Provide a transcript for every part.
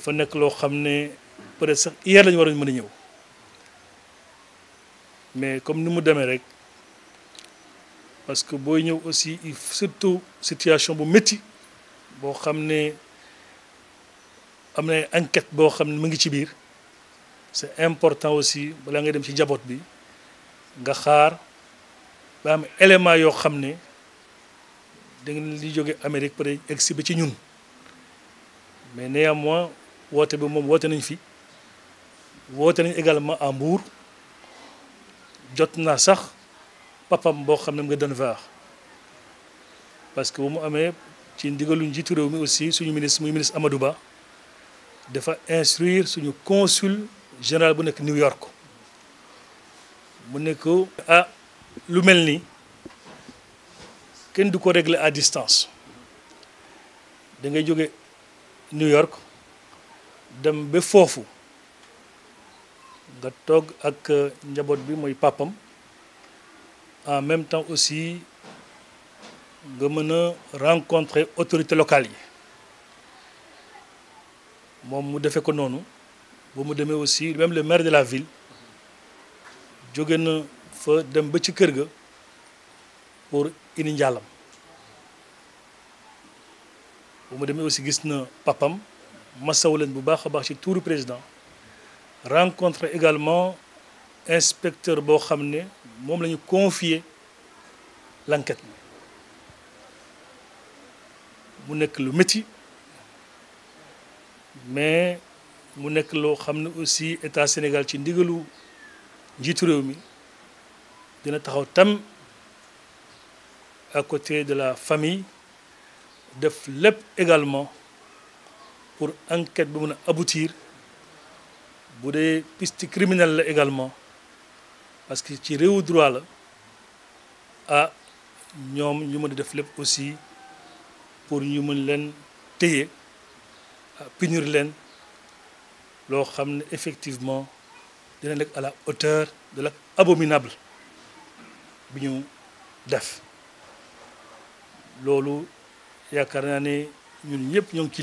dafa nekk loo xam ne peut-être sax hier lañu waroon mën a ñëw mais comme ni mu demee rek parce que booy ñëw aussi surtout situation bu métti boo xam ne am na enquête boo xam ne mu ngi ci biir c'est important aussi balaa ngay dem ci jabot bi nga xaar ba am élément yoo xam ne da ngeen li jóge Amérique peut-être egg ci ñun mais néanmoins wote bi moom wote nañ fi wote nañ également à Mbour jot naa sax papam boo xam ne mu nga parce que bu mu amee ci ndigalu njiitu réew mi aussi suñu ministre muy ministre Amadou Ba dafa instruire suñu consul général bu nekk New York mu ne ko ah lu mel ni kenn du ko régler à distance da ngay jóge New York dem ba foofu nga toog ak euh, njaboot bi mooy papam en même temps aussi nga mën a rencontrer autorités locales yi moom mu defee ko noonu ba aussi même le maire de la ville jóge na fa dem ba ci kër ga pour indi njaalam ba mu demee aussi gis na papam Massaoulen leen bu baax président rencontre également inspecteur qui xam confié l'enquête mu est le métier, mais il est le aussi état Sénégal ci tout le monde. dina à côté de la famille de FLEP également pour enquête pour aboutir pour les pistes criminelles également parce que ci réewu droit à nous, nous ñu mën aussi pour nous mën les téye ah, punir leen loo xam effectivement dina à la hauteur de la abominable bi ñu def lolu yakarna ni nous ñun ñëpp ñong ci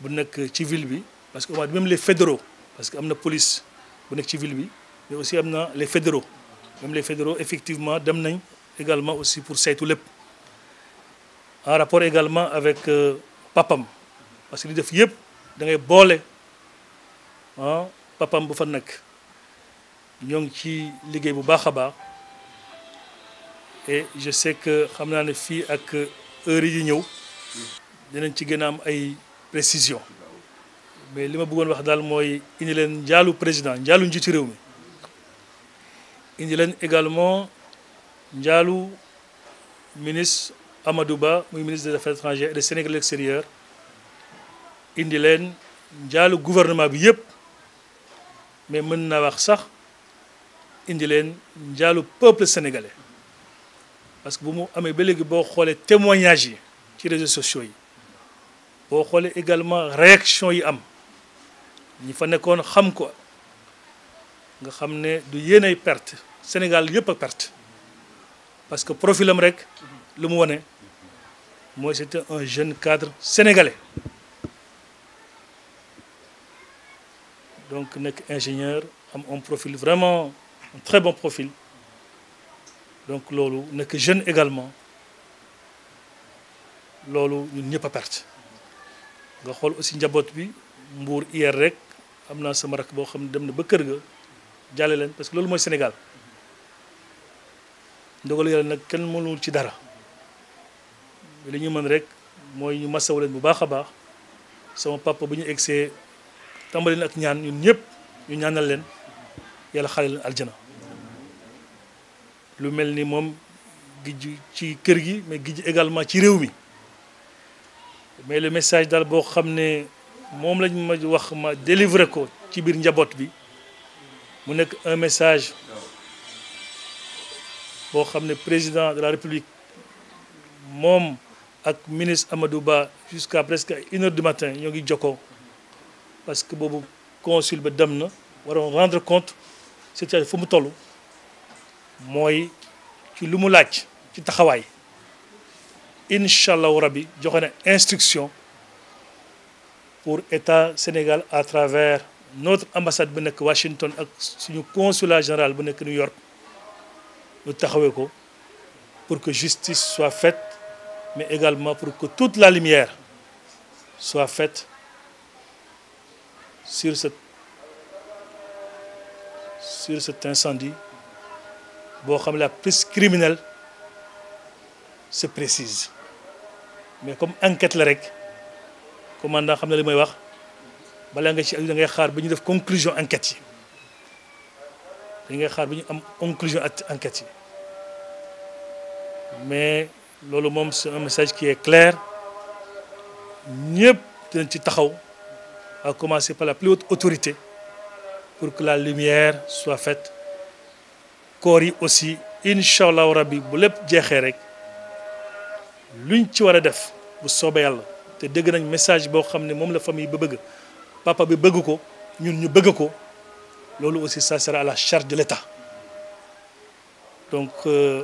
bu nekk ci bi parce que même les fédéraux parce que a police bu nek ci bi mais aussi amna les fédéraux même les fédéraux effectivement dem également aussi pour saytu lépp en rapport également avec euh, papam parce qu'il li def yëpp da ngay bolé hein ah, papam bu fa nek ñong ci liggéey bu baaxa baax et je sais que xamna naa ne fii ak heure yi ñew dinañ ci gëna am ay précision mais li ma bëggoon wax daal mooy indi leen président njaalu njiitu réew indi également le ministre Amadouba, Ba ministre des affaires étrangères et des Sénégal de l'extérieur indi le gouvernement mais je veux wax sax indi le peuple sénégalais parce que si vous avez ba témoignages boo témoignage réseaux sociaux pour xoolee également réaction yi am savoir fa nekkoon xam ko nga xam du perte Sénégal perte parce que profil de rek moi c'était un jeune cadre sénégalais donc un ingénieur am un profil vraiment un très bon profil donc nous suis jeune également lolo ne suis a perte nga xol aussi njabot bi mur hier rek amna sama rak bo xam dem na ba kër ga jàlle len parce que lolu moy Sénégal ndogal kenn mënul ci dara li ñu mën rek moy ñu massa wolen bu baax baax sama papa bu ñu exé tàmbali ak ñaan ñun ñëpp ñu ñaanal len yalla xale aljana lu melni ni gi ci kër gi mais gi également ci réew mi mais le message daal bo xamné mom moom lañ ma wax ma délivrer ko ci bir njabot bi mu nek un message bo xamné président de la république mom ak ministre Amadou Ba jusqu'à presque 1 heure du matin ñoo ngi joko parce que bobu consul ba dem na va rendre compte c'est-à-dire fu mu tollu moy ci lu mu lacc ci taxaway Inch'Allah au rabbi une une instruction pour l'État Sénégal à travers notre ambassade Washington et consulat général de New York pour que justice soit faite mais également pour que toute la lumière soit faite sur cet incendie la prise criminelle se précise mais comme enquête la rek commandant xamna na li may wax balaa nga ci da ngay xaar def conclusion enquête Il dañ ngay xaar am conclusion enquête mais lolu mom c'est un message qui est clair ñepp dinañ ci taxaw à commencer par la plus haute autorité pour que la lumière soit faite Cori aussi inshallah au rabbi bu lepp jexé rek luñ ci wara def bu soobee yàlla te dégg nañ message boo xam ne moom la famille ba bëgg papa bi bëgg ko ñun ñu bëgg ko loolu aussi ça sera à la charge de l'État donc euh,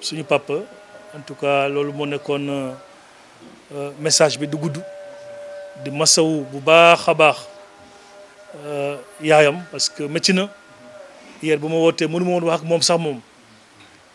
suñu papa en tout cas loolu moo nekkoon euh, message bi du gudd di masawu bu baax a baax euh, yaayam parce que métti na hier bu ma wootee mënu ma woon wax ak moom sax moom.